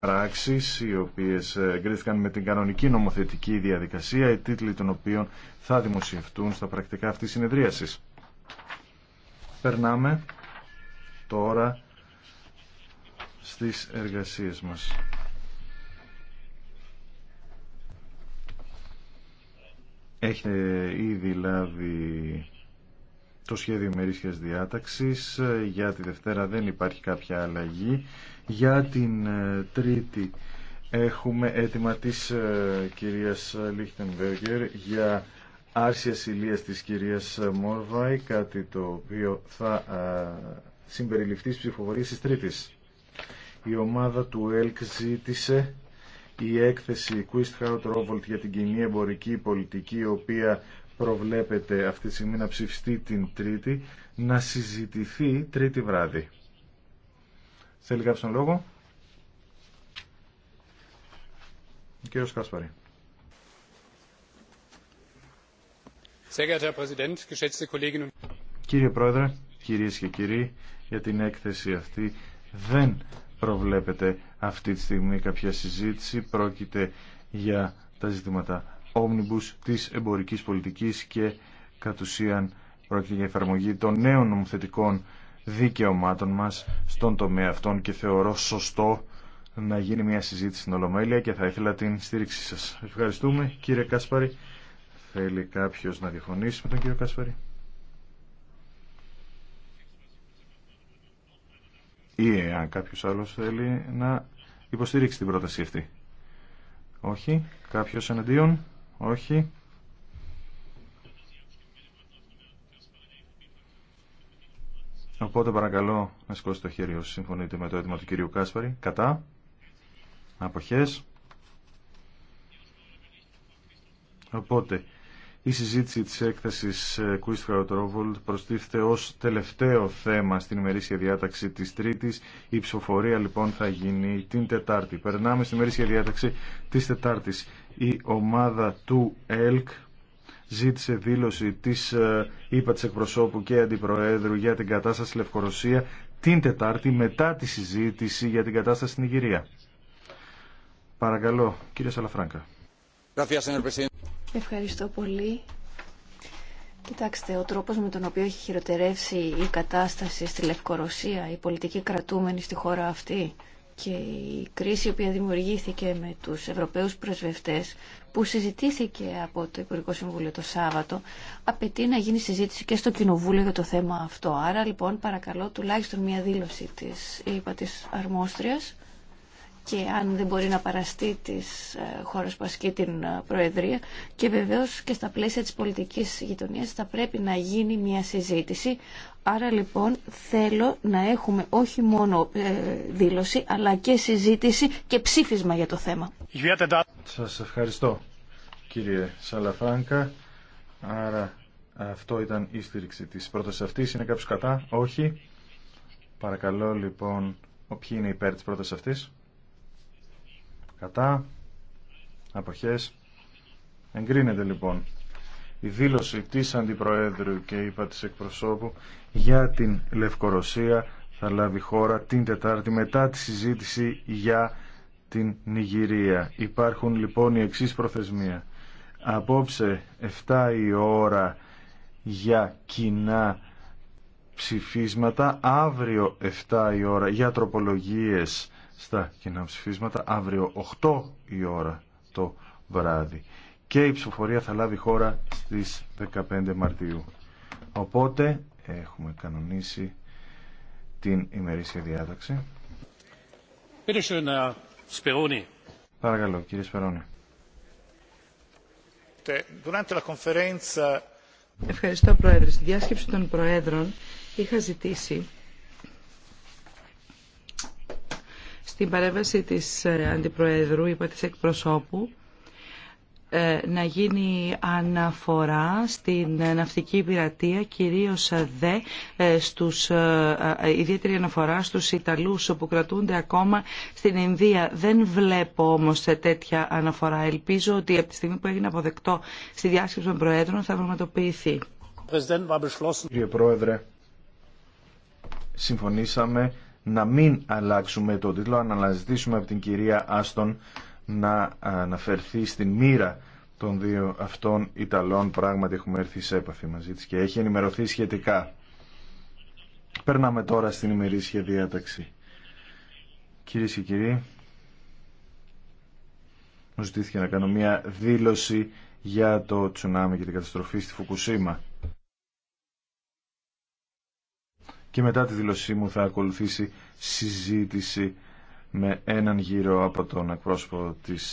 πράξεις οι οποίες ε, εγκρίθηκαν με την κανονική νομοθετική διαδικασία, οι τίτλοι των οποίων θα δημοσιευτούν στα πρακτικά αυτής συνεδρίασης. Περνάμε τώρα στις εργασίες μας. Έχετε ήδη λάβει το σχέδιο ημερήσια διάταξης. Ε, για τη Δευτέρα δεν υπάρχει κάποια αλλαγή. Για την ε, Τρίτη έχουμε έτοιμα τη ε, κυρίας Λίχτενβέργκερ για άρση ασυλίας της κυρίας Μόρβαϊ, κάτι το οποίο θα συμπεριληφθεί στις ψηφοφορίες Τρίτης. Η ομάδα του ΕΛΚ ζήτησε η έκθεση Quist Robolt για την κοινή εμπορική πολιτική, οποία προβλέπεται αυτή τη στιγμή να ψηφιστεί την Τρίτη, να συζητηθεί Τρίτη βράδυ. Θέλει κάποιος τον λόγο. Ο κύριος Κάσπαρη. Κύριε Πρόεδρε, κυρίες και κύριοι, για την έκθεση αυτή δεν προβλέπεται αυτή τη στιγμή κάποια συζήτηση. Πρόκειται για τα ζητήματα όμνιμπους της εμπορικής πολιτικής και κατ' ουσίαν πρόκειται για εφαρμογή των νέων νομοθετικών δικαιωμάτων μας στον τομέα αυτών και θεωρώ σωστό να γίνει μια συζήτηση στην Ολομέλεια και θα ήθελα την στήριξή σας. Ευχαριστούμε κύριε Κάσπαρη. Θέλει κάποιος να διαφωνήσει με τον κύριο Κάσπαρη. Ή αν κάποιος άλλος θέλει να υποστηρίξει την πρόταση αυτή. Όχι. Κάποιος εναντίον. Όχι. Οπότε παρακαλώ να σηκώσετε το χέρι όσοι συμφωνείτε με το αίτημα του κυρίου Κάσπαρη. Κατά. Αποχές. Οπότε η συζήτηση της έκθεσης Κουίστρα ε, Ρόβολτ προστίθεται ως τελευταίο θέμα στην ημερήσια διάταξη της Τρίτης. Η ψηφοφορία λοιπόν θα γίνει την Τετάρτη. Περνάμε στην ημερήσια διάταξη της Τετάρτης. Η ομάδα του ΕΛΚ ζήτησε δήλωση της ε, ΥΠΑ της εκπροσώπου και αντιπροέδρου για την κατάσταση Λευκορωσία την Τετάρτη μετά τη συζήτηση για την κατάσταση στην Ιγυρία. Παρακαλώ, κύριε Σαλαφράγκα. Ευχαριστώ πολύ. Κοιτάξτε, ο τρόπος με τον οποίο έχει χειροτερεύσει η κατάσταση στη Λευκορωσία, η πολιτική κρατούμενη στη χώρα αυτή και η κρίση η οποία δημιουργήθηκε με τους Ευρωπαίους πρεσβευτές που συζητήθηκε από το Υπουργικό Συμβούλιο το Σάββατο απαιτεί να γίνει συζήτηση και στο Κοινοβούλιο για το θέμα αυτό. Άρα λοιπόν παρακαλώ τουλάχιστον μια δήλωση της, είπα, της αρμόστριας και αν δεν μπορεί να παραστεί τις ε, χώρες που ασκεί την ε, Προεδρία και βεβαίως και στα πλαίσια της πολιτικής γειτονίας θα πρέπει να γίνει μια συζήτηση. Άρα λοιπόν θέλω να έχουμε όχι μόνο ε, δήλωση αλλά και συζήτηση και ψήφισμα για το θέμα. Σας ευχαριστώ κύριε Σαλαφράνκα. Άρα αυτό ήταν η στήριξη της πρότασης αυτής. Είναι κάποιος κατά, όχι. Παρακαλώ λοιπόν, ποιοι είναι υπέρ της πρότασης αυτής κατά αποχές εγκρίνεται λοιπόν η δήλωση της Αντιπροέδρου και είπα της εκπροσώπου για την Λευκορωσία θα λάβει χώρα την Τετάρτη μετά τη συζήτηση για την Νιγηρία. Υπάρχουν λοιπόν οι εξής προθεσμία. Απόψε 7 η ώρα για κοινά ψηφίσματα αύριο 7 η ώρα για τροπολογίες στα κοινά ψηφίσματα αύριο 8 η ώρα το βράδυ και η ψηφοφορία θα λάβει χώρα στις 15 Μαρτίου. Οπότε έχουμε κανονίσει την ημερήσια διάταξη. Παρακαλώ, κύριε Σπερώνη. Ευχαριστώ, Πρόεδρε. Στη διάσκεψη των Προέδρων είχα ζητήσει στην παρέμβαση της ε, Αντιπροέδρου, είπα της εκπροσώπου, ε, να γίνει αναφορά στην ε, ναυτική πειρατεία, κυρίως δε στους, ιδιαίτερη αναφορά στους Ιταλούς που κρατούνται ακόμα στην Ινδία. Δεν βλέπω όμως σε τέτοια αναφορά. Ελπίζω ότι από τη στιγμή που έγινε αποδεκτό στη διάσκεψη των Προέδρων θα πραγματοποιηθεί. Κύριε Πρόεδρε, συμφωνήσαμε να μην αλλάξουμε το τίτλο, να αναζητήσουμε από την κυρία Άστον να αναφερθεί στην μοίρα των δύο αυτών Ιταλών. Πράγματι έχουμε έρθει σε έπαφη μαζί της και έχει ενημερωθεί σχετικά. Περνάμε τώρα στην ημερήσια διάταξη. Κυρίε και κύριοι, μου ζητήθηκε να κάνω μια δήλωση για το τσουνάμι και την καταστροφή στη Φουκουσίμα. και μετά τη δηλωσή μου θα ακολουθήσει συζήτηση με έναν γύρο από τον εκπρόσωπο της